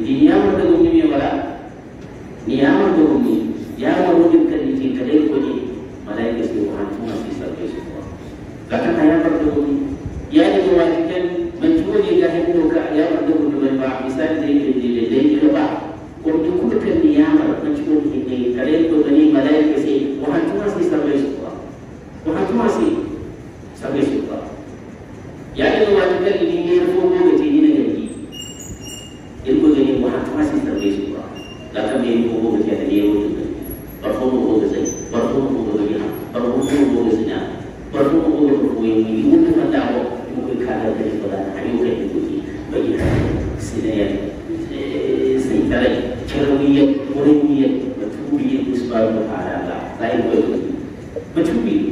ఇది నియామక గుణ్యమే కదా నియామక గుణ్యం యాగం రోజుంటే నీకు ఇంకా లేకపోయి మలైకి మహత్వం తీసుకు గతం నయాపడుతుంది యాగం వాళ్ళకి మంచి రోజు యాగంలో ఒక యాగంలో ఉండమని బా ఈసారి దేవుడు దేవుడు బా ఒక దుఃఖుడు నియామ మంచి రోజు ఇంకా ఇంకా లేకపోతే ايه الهجوم اللي جاي ايه برفوم الهجوم ازاي برفوم الهجوم ازاي برفوم الهجوم ازاي برفوم الهجوم ازاي ممكن ما تعبوا ممكن كذا كذا كذا حيو كذا كذا كذا بقي سنايا سنتالي كروية كرمية مكتوبية مصباح مطالعة لا لا مكتوبية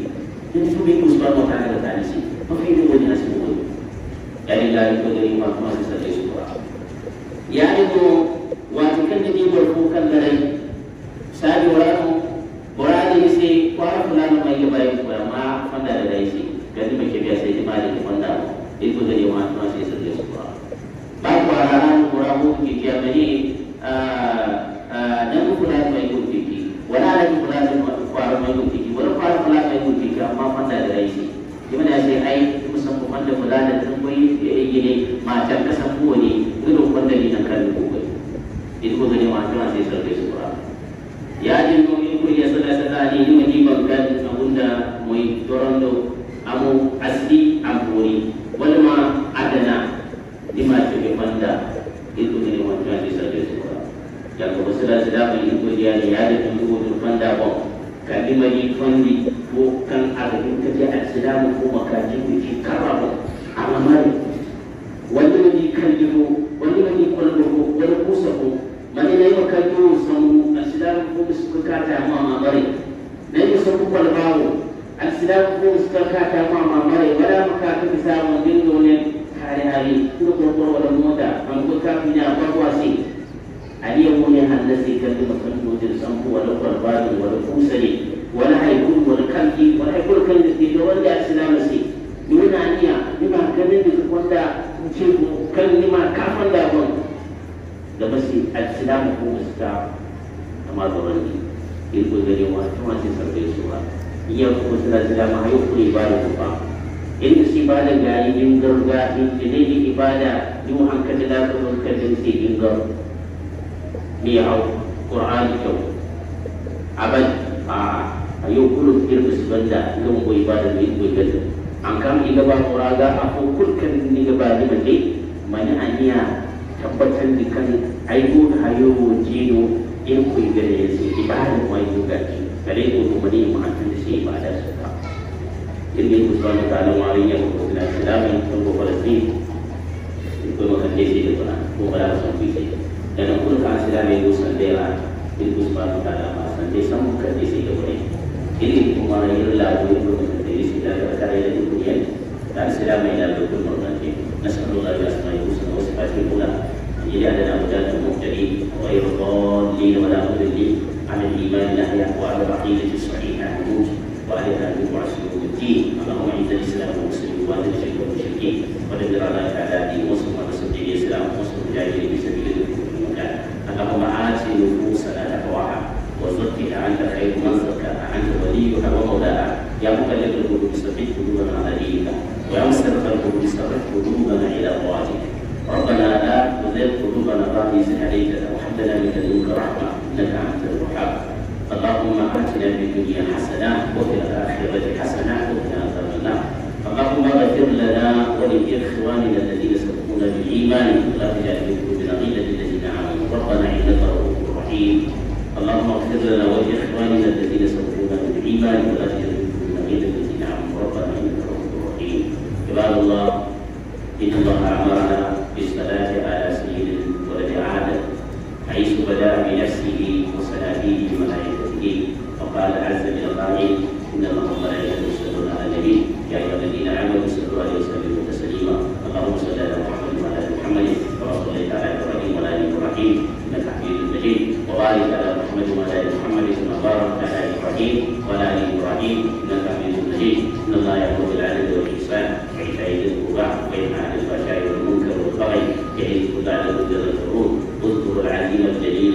مكتوبية مصباح مطالعة لا تانيسي ما في دوني اسمه يعني لا يقدر يمات ما يصير يسوع يعني دوم maaf pada ada isi. Jadi macam itu mari kita pandang. Itu jadi maaf masih setia semua. Baik perhatian kurang mungkin dia beri dan ah, ah, bukan lagi mengikut tiki. Walau bukan lagi kuar mengikut tiki. Walau kuar pelak mengikut ada isi. Di mana sih? Aiy, yang bersedar-sedar mengikuti dia ni ada tunggu depan dapur kami bagi kondi bukan ada kerjaan sedang berkumpul kaji di karam alamari wajib bagi kaji bu wajib bagi kondi bu dalam usaha mana yang akan tu semua sedang berkumpul sekarang yang mama beri nanti semua kalau bau sedang berkumpul sekarang yang mama beri pada mereka tu bisa mengambil hari-hari tu berkumpul dalam muda mengikuti nyawa kuasih من الذي كذب ثمود الصنف والقربان والفوسل والعيبون والكلب ولا كان يستيقظ ولا أسلام سي دون أن يا لما كان يدرك ولا شيء كان لما كافر لا هون لما سي السلام هو مستع أما ظنني يقول لي ما وأنتم تسمعون سوا يقول سلا سلام هيقول يبارك inda si bada gari in garga in jinai ibada in hankali da ka zo ka jinsi in garga miau Quran itu abad ah ha, ayo kulu kira bersebenda lumbu ibadat lumbu ibadat angkam ida bang uraga aku kulkan ken ni kebali mandi mana ania tempat sendikan ayo hayo jino yang kui gerezi ibadat mai juga kali itu kemudian mengatakan si ibadat serta ini bukan tanah marinya untuk nasi dami untuk Palestin itu mengatakan si ibadat bukan untuk ya virus andela virus para la bastante son semua y el humano y el agua y el agua y el agua y el agua y el agua y el agua y el agua y el agua y el agua jadi el agua y el agua y el agua y el agua y el agua y el agua y القلوب صفيت دون عليك ويسر القلوب صفيت قلوبنا الى طاعتك ربنا لا تزغ قلوبنا بعد اذ هديت وهب لنا من لدنك رحمه انك انت الوهاب اللهم اتنا في الدنيا حسنه وفي الاخره حسنه وقنا عذاب النار اللهم اغفر لنا ولاخواننا الذين سبقونا بالايمان ولا تجعل في قلوبنا غلا للذين امنوا ربنا انك رؤوف رحيم اللهم اغفر لنا ولاخواننا الذين سبقونا بالايمان ولا تجعل عباد الله إن الله أمرنا بالصلاة على سيد ولد آدم حيث بدا بنفسه وصلاته وملائكته وقال عز من قائل إن الله وملائكته يصلون على النبي يا أيها الذين آمنوا صلوا عليه وسلموا تسليما اللهم صل على محمد وعلى آل محمد كما صليت على إبراهيم وعلى آل إبراهيم من حميد المجيد وبارك على محمد وعلى آل محمد كما بارك على إبراهيم وعلى آل إبراهيم من حميد المجيد إن الله يأمر بالعدل saya kurang benar sebagai orang muka orang baik jadi kita ada berjalan terus untuk berlagi menjadi